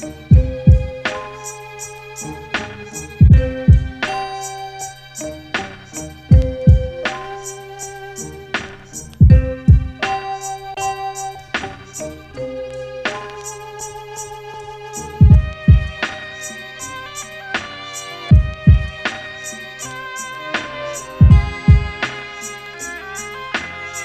podcast.